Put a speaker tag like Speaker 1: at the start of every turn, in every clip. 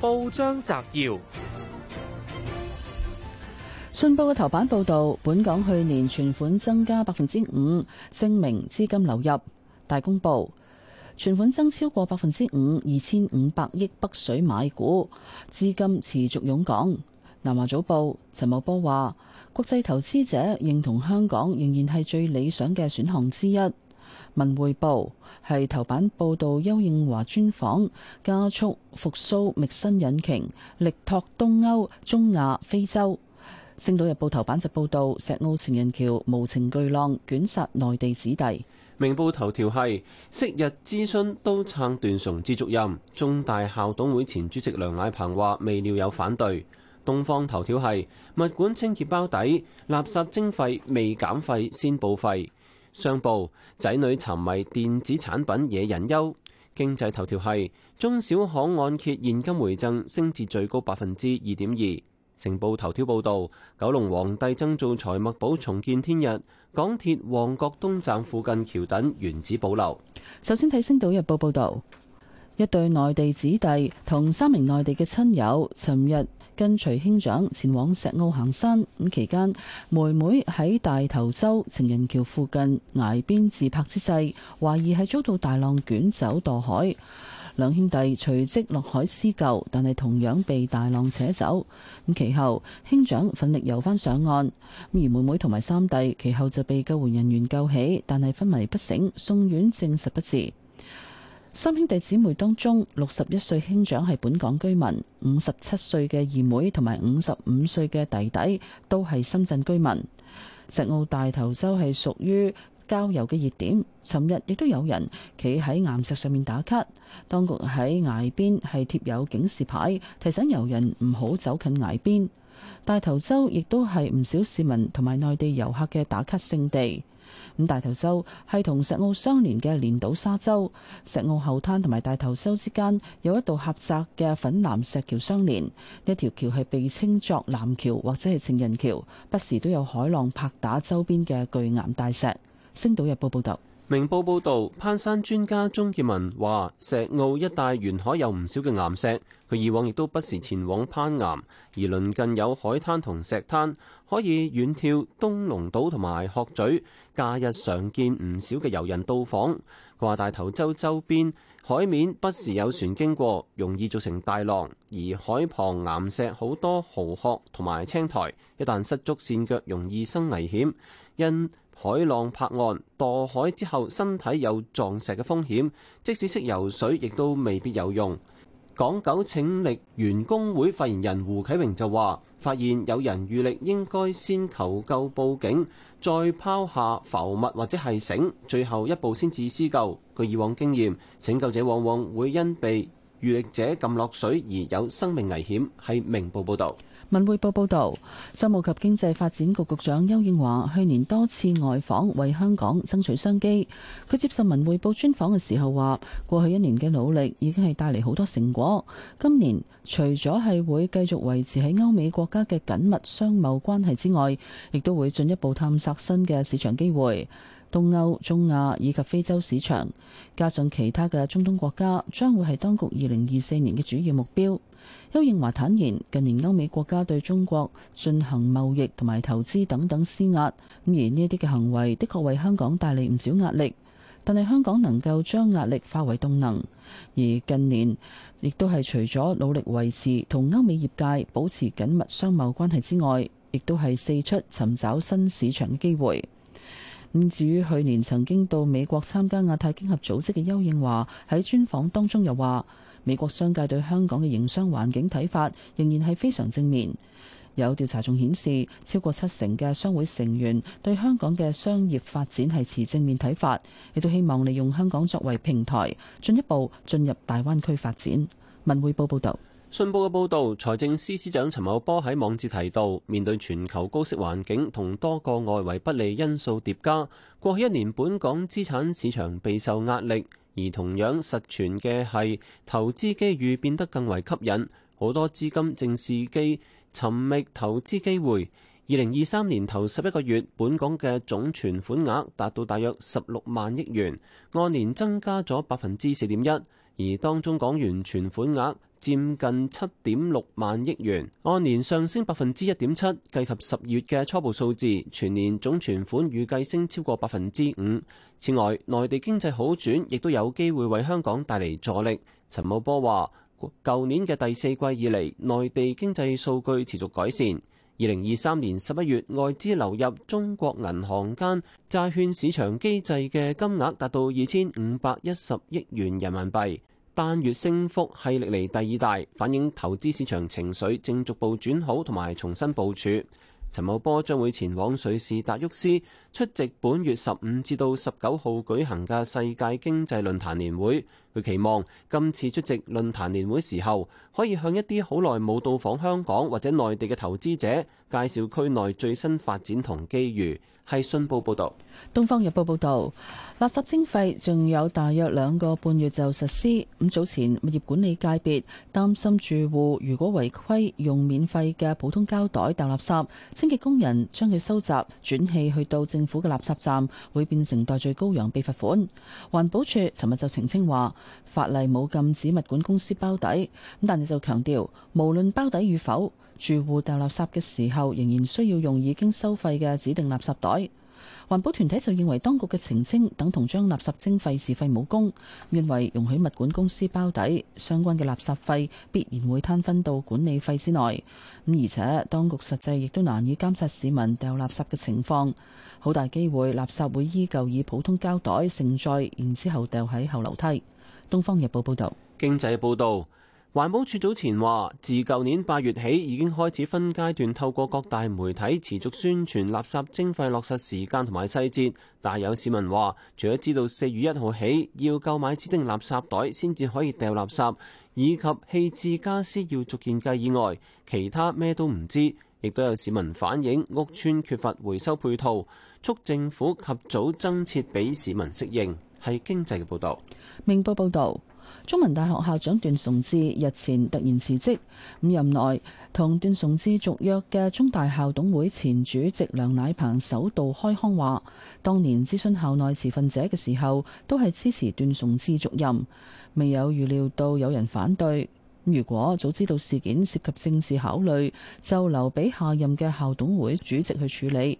Speaker 1: 報章摘要：信報嘅頭版報道，本港去年存款增加百分之五，證明資金流入。大公報存款增超過百分之五，二千五百億北水買股，資金持續湧港。南華早報陳茂波話：國際投資者認同香港仍然係最理想嘅選項之一。文匯報係頭版報道邱應華專訪，加速復蘇覓新引擎，力拓東歐、中亞、非洲。星島日報頭版就報道石澳情人橋無情巨浪捲殺內地子弟。
Speaker 2: 明報頭條係昔日諮詢都撐段崇智續任，中大校董會前主席梁乃鵬話未料有反對。東方頭條係物管清潔包底，垃圾徵費未減費先報廢。商報，仔女沉迷電子產品惹人憂。經濟頭條係中小行按揭現金回贈升至最高百分之二點二。成報頭條報道九龍皇帝增造財物寶重建天日，港鐵旺角東站附近橋等原址保留。
Speaker 1: 首先睇《星島日報》報道，一對內地子弟同三名內地嘅親友，尋日。跟隨兄長前往石澳行山，咁期間妹妹喺大頭洲情人橋附近崖邊自拍之際，懷疑係遭到大浪捲走墮海。兩兄弟隨即落海施救，但係同樣被大浪扯走。咁其後兄長奮力游翻上岸，而妹妹同埋三弟其後就被救援人員救起，但係昏迷不醒，送院證實不治。三兄弟姊妹當中，六十一歲兄長係本港居民，五十七歲嘅二妹同埋五十五歲嘅弟弟都係深圳居民。石澳大頭洲係屬於郊遊嘅熱點，尋日亦都有人企喺岩石上面打卡。當局喺崖邊係貼有警示牌，提醒遊人唔好走近崖邊。大頭洲亦都係唔少市民同埋內地遊客嘅打卡勝地。咁大頭洲係同石澳相連嘅連島沙洲，石澳後灘同埋大頭洲之間有一道狹窄嘅粉藍石橋相連，一條橋係被稱作藍橋或者係情人橋，不時都有海浪拍打周邊嘅巨岩大石。星島日報報道。
Speaker 2: 明報報導，攀山專家鍾建文話：石澳一帶沿海有唔少嘅岩石，佢以往亦都不時前往攀岩。而鄰近有海灘同石灘，可以遠眺東龍島同埋鶴咀，假日常見唔少嘅遊人到訪。話大頭洲周邊。海面不時有船經過，容易造成大浪；而海旁岩石好多蠔殼同埋青苔，一旦失足跣腳，容易生危險。因海浪拍岸，墮海之後，身體有撞石嘅風險，即使識游水，亦都未必有用。港九拯溺員工會發言人胡啟榮就話：發現有人遇溺，應該先求救、報警，再拋下浮物或者係繩，最後一步先至施救。據以往經驗，拯救者往往會因被遇溺者撳落水而有生命危險，係明報報道。
Speaker 1: 文匯報報道，商務及經濟發展局局長丘應樺去年多次外訪為香港爭取商機，佢接受文匯報專訪嘅時候話，過去一年嘅努力已經係帶嚟好多成果。今年除咗係會繼續維持喺歐美國家嘅緊密商貿關係之外，亦都會進一步探索新嘅市場機會。東歐、中亞以及非洲市場，加上其他嘅中東國家，將會係當局二零二四年嘅主要目標。邱應華坦言，近年歐美國家對中國進行貿易同埋投資等等施壓，而呢啲嘅行為，的確為香港帶嚟唔少壓力。但係香港能夠將壓力化為動能，而近年亦都係除咗努力維持同歐美業界保持緊密商貿關係之外，亦都係四出尋找新市場嘅機會。至於去年曾經到美國參加亞太經合組織嘅邱應華喺專訪當中又話，美國商界對香港嘅營商環境睇法仍然係非常正面。有調查仲顯示，超過七成嘅商會成員對香港嘅商業發展係持正面睇法，亦都希望利用香港作為平台，進一步進入大灣區發展。文匯報報道。
Speaker 2: 信報嘅報導，財政司司長陳茂波喺網誌提到，面對全球高息環境同多個外圍不利因素疊加，過去一年本港資產市場備受壓力，而同樣實存嘅係投資機遇變得更為吸引，好多資金正伺機尋覓投資機會。二零二三年頭十一個月，本港嘅總存款額達到大約十六萬億元，按年增加咗百分之四點一，而當中港元存款額，佔近七點六萬億元，按年上升百分之一點七，計及十月嘅初步數字，全年總存款預計升超過百分之五。此外，內地經濟好轉，亦都有機會為香港帶嚟助力。陳茂波話：舊年嘅第四季以來，內地經濟數據持續改善。二零二三年十一月，外資流入中國銀行間債券市場機制嘅金額達到二千五百一十億元人民幣。單月升幅係歷嚟第二大，反映投資市場情緒正逐步轉好同埋重新部署。陳茂波將會前往瑞士達沃斯。出席本月十五至到十九號舉行嘅世界經濟論壇年會，佢期望今次出席論壇年會時候，可以向一啲好耐冇到訪香港或者內地嘅投資者介紹區內最新發展同機遇。係信報報道，
Speaker 1: 東方日報報道，垃圾徵費仲有大約兩個半月就實施。咁早前物業管理界別擔心住戶如果違規用免費嘅普通膠袋搭垃圾，清潔工人將佢收集轉氣去到正。政府嘅垃圾站會變成代罪羔羊被罰款，環保署尋日就澄清話，法例冇禁止物管公司包底，咁但係就強調，無論包底與否，住戶掉垃圾嘅時候仍然需要用已經收費嘅指定垃圾袋。環保團體就認為當局嘅澄清等同將垃圾徵費自廢武功，認為容許物管公司包底，相關嘅垃圾費必然會攤分到管理費之內。而且當局實際亦都難以監察市民掉垃圾嘅情況，好大機會垃圾會依舊以普通膠袋盛載，然之後掉喺後樓梯。《東方日報》報道。
Speaker 2: 經濟報道。環保署早前話，自舊年八月起已經開始分階段透過各大媒體持續宣傳垃圾徵費落實時間同埋細節。但有市民話，除咗知道四月一號起要購買指定垃圾袋先至可以掉垃圾，以及棄置家私要逐件計以外，其他咩都唔知。亦都有市民反映屋邨缺乏回收配套，促政府及早增設俾市民適應。係經濟嘅報道，
Speaker 1: 明報報道。中文大學校長段崇智日前突然辭職，五任內同段崇智續約嘅中大校董會前主席梁乃鵬首度開腔話，當年諮詢校內持份者嘅時候，都係支持段崇智續任，未有預料到有人反對。如果早知道事件涉及政治考慮，就留俾下任嘅校董會主席去處理。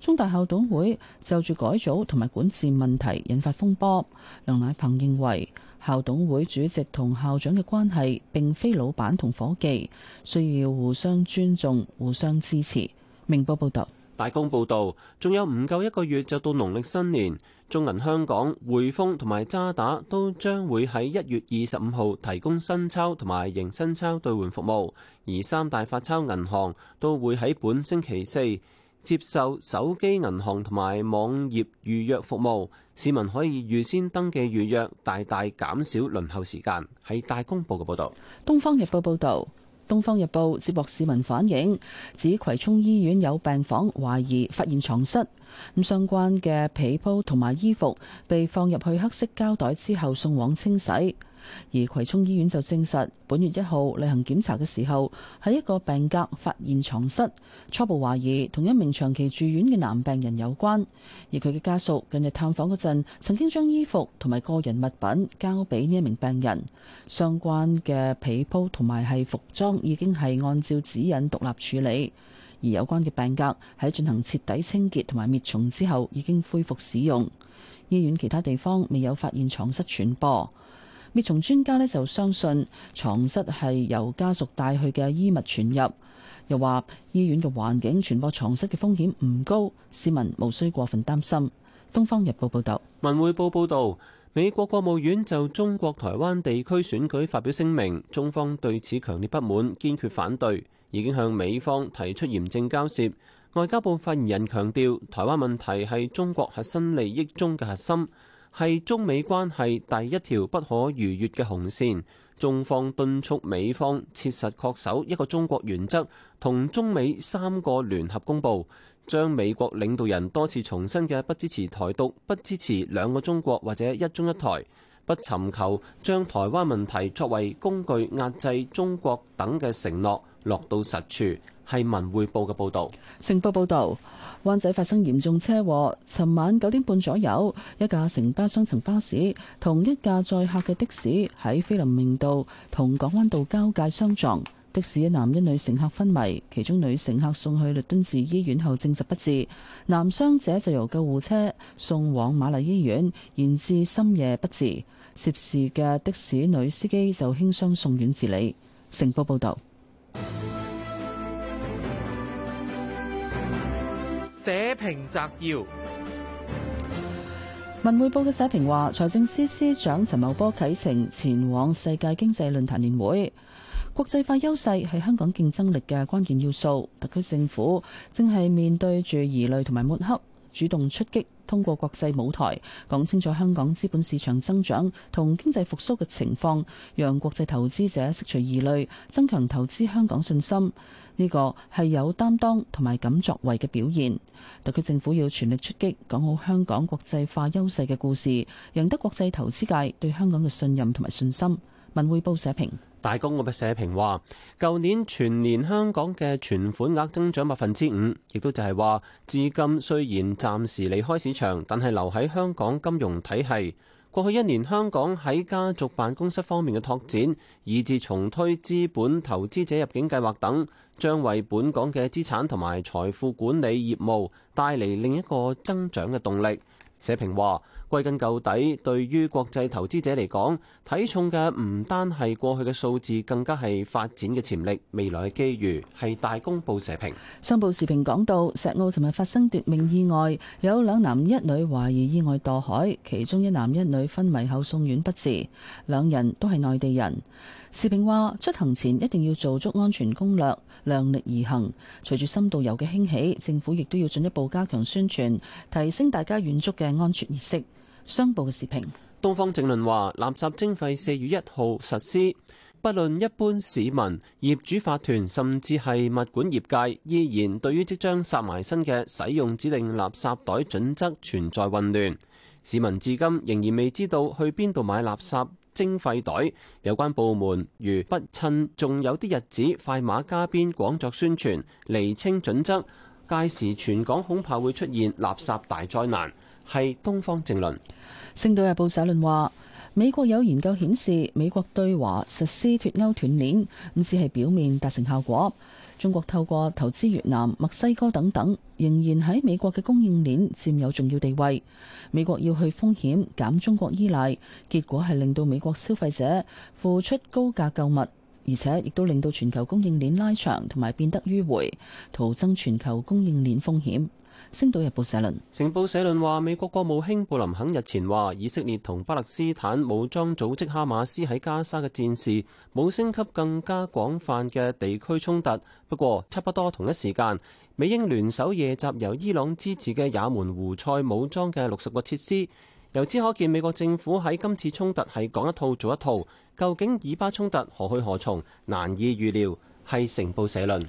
Speaker 1: 中大校董會就住改組同埋管治問題引發風波，梁乃鵬認為。校董會主席同校長嘅關係並非老闆同伙計，需要互相尊重、互相支持。明報報道，
Speaker 2: 大公報道，仲有唔夠一個月就到農曆新年，中銀香港、匯豐同埋渣打都將會喺一月二十五號提供新鈔同埋迎新鈔兌換服務，而三大發鈔銀行都會喺本星期四接受手機銀行同埋網頁預約服務。市民可以預先登記預約，大大減少輪候時間。係大公報嘅報道。
Speaker 1: 《東方日報》報道，《東方日報》接獲市民反映，指葵涌醫院有病房懷疑發現床蝨，咁相關嘅被鋪同埋衣服被放入去黑色膠袋之後，送往清洗。而葵涌醫院就證實，本月一號例行檢查嘅時候，喺一個病格發現床蝨，初步懷疑同一名長期住院嘅男病人有關。而佢嘅家屬近日探訪嗰陣，曾經將衣服同埋個人物品交俾呢一名病人。相關嘅被鋪同埋係服裝已經係按照指引獨立處理，而有關嘅病格喺進行徹底清潔同埋滅蟲之後，已經恢復使用。醫院其他地方未有發現床蝨傳播。滅蟲專家咧就相信床蝨係由家屬帶去嘅衣物傳入，又話醫院嘅環境傳播床蝨嘅風險唔高，市民無需過分擔心。《東方日報》報道，
Speaker 2: 《文匯報》報道，美國國務院就中國台灣地區選舉發表聲明，中方對此強烈不滿，堅決反對，已經向美方提出嚴正交涉。外交部發言人強調，台灣問題係中國核心利益中嘅核心。係中美關係第一條不可逾越嘅紅線，中方敦促美方切實恪守一個中國原則同中美三個聯合公佈，將美國領導人多次重申嘅不支持台獨、不支持兩個中國或者一中一台、不尋求將台灣問題作為工具壓制中國等嘅承諾落到實處。係文匯報嘅報，報，報道，城報報道
Speaker 1: 灣仔發生嚴重車禍，尋晚九點半左右，一架城巴雙層巴士同一架載客嘅的，的士喺菲林明道同港灣道交界相撞，的士一男一女乘客昏迷，其中女乘客送去律敦治醫院後證實不治，男傷者就由救護車送往瑪麗醫院，延至深夜不治。涉事嘅的，的士女司機就輕傷送院治理。城報報道。社評摘要：文匯報嘅社評話，財政司司長陳茂波啟程前往世界經濟論壇年會。國際化優勢係香港競爭力嘅關鍵要素，特區政府正係面對住疑慮同埋抹黑。主動出擊，通過國際舞台講清楚香港資本市場增長同經濟復甦嘅情況，讓國際投資者釋除疑慮，增強投資香港信心。呢個係有擔當同埋敢作為嘅表現。特區政府要全力出擊，講好香港國際化優勢嘅故事，贏得國際投資界對香港嘅信任同埋信心。文匯報社評。
Speaker 2: 大公嘅社評話，舊年全年香港嘅存款額增長百分之五，亦都就係話，資金雖然暫時離開市場，但係留喺香港金融體系。過去一年，香港喺家族辦公室方面嘅拓展，以至重推資本投資者入境計劃等，將為本港嘅資產同埋財富管理業務帶嚟另一個增長嘅動力。社評話：歸根究底，對於國際投資者嚟講，睇重嘅唔單係過去嘅數字，更加係發展嘅潛力、未來嘅機遇。係大公報社評。
Speaker 1: 商報時評講到，石澳尋日發生奪命意外，有兩男一女懷疑意外墮海，其中一男一女昏迷後送院不治，兩人都係內地人。視頻話，出行前一定要做足安全攻略，量力而行。隨住深度遊嘅興起，政府亦都要進一步加強宣傳，提升大家遠足嘅安全意識。商報嘅視頻，
Speaker 2: 東方正論話，垃圾徵費四月一號實施，不論一般市民、業主、法團，甚至係物管業界，依然對於即將殺埋身嘅使用指定垃圾袋準則存在混亂。市民至今仍然未知道去邊度買垃圾。徵費袋，有關部門如不趁仲有啲日子快馬加鞭，廣作宣傳，釐清準則，屆時全港恐怕會出現垃圾大災難。係東方正論
Speaker 1: 《星島日報》社論話。美國有研究顯示，美國對華實施脱歐斷鏈，咁只係表面達成效果。中國透過投資越南、墨西哥等等，仍然喺美國嘅供應鏈占有重要地位。美國要去風險減中國依賴，結果係令到美國消費者付出高價購物，而且亦都令到全球供應鏈拉長同埋變得迂回，徒增全球供應鏈風險。星島日報社
Speaker 2: 論：成報社論話，美國國務卿布林肯日前話，以色列同巴勒斯坦武裝組織哈馬斯喺加沙嘅戰事，冇升級更加廣泛嘅地區衝突。不過，差不多同一時間，美英聯手夜襲由伊朗支持嘅也門胡塞武裝嘅六十個設施。由此可見，美國政府喺今次衝突係講一套做一套。究竟以巴衝突何去何從，難以預料。係成報社論。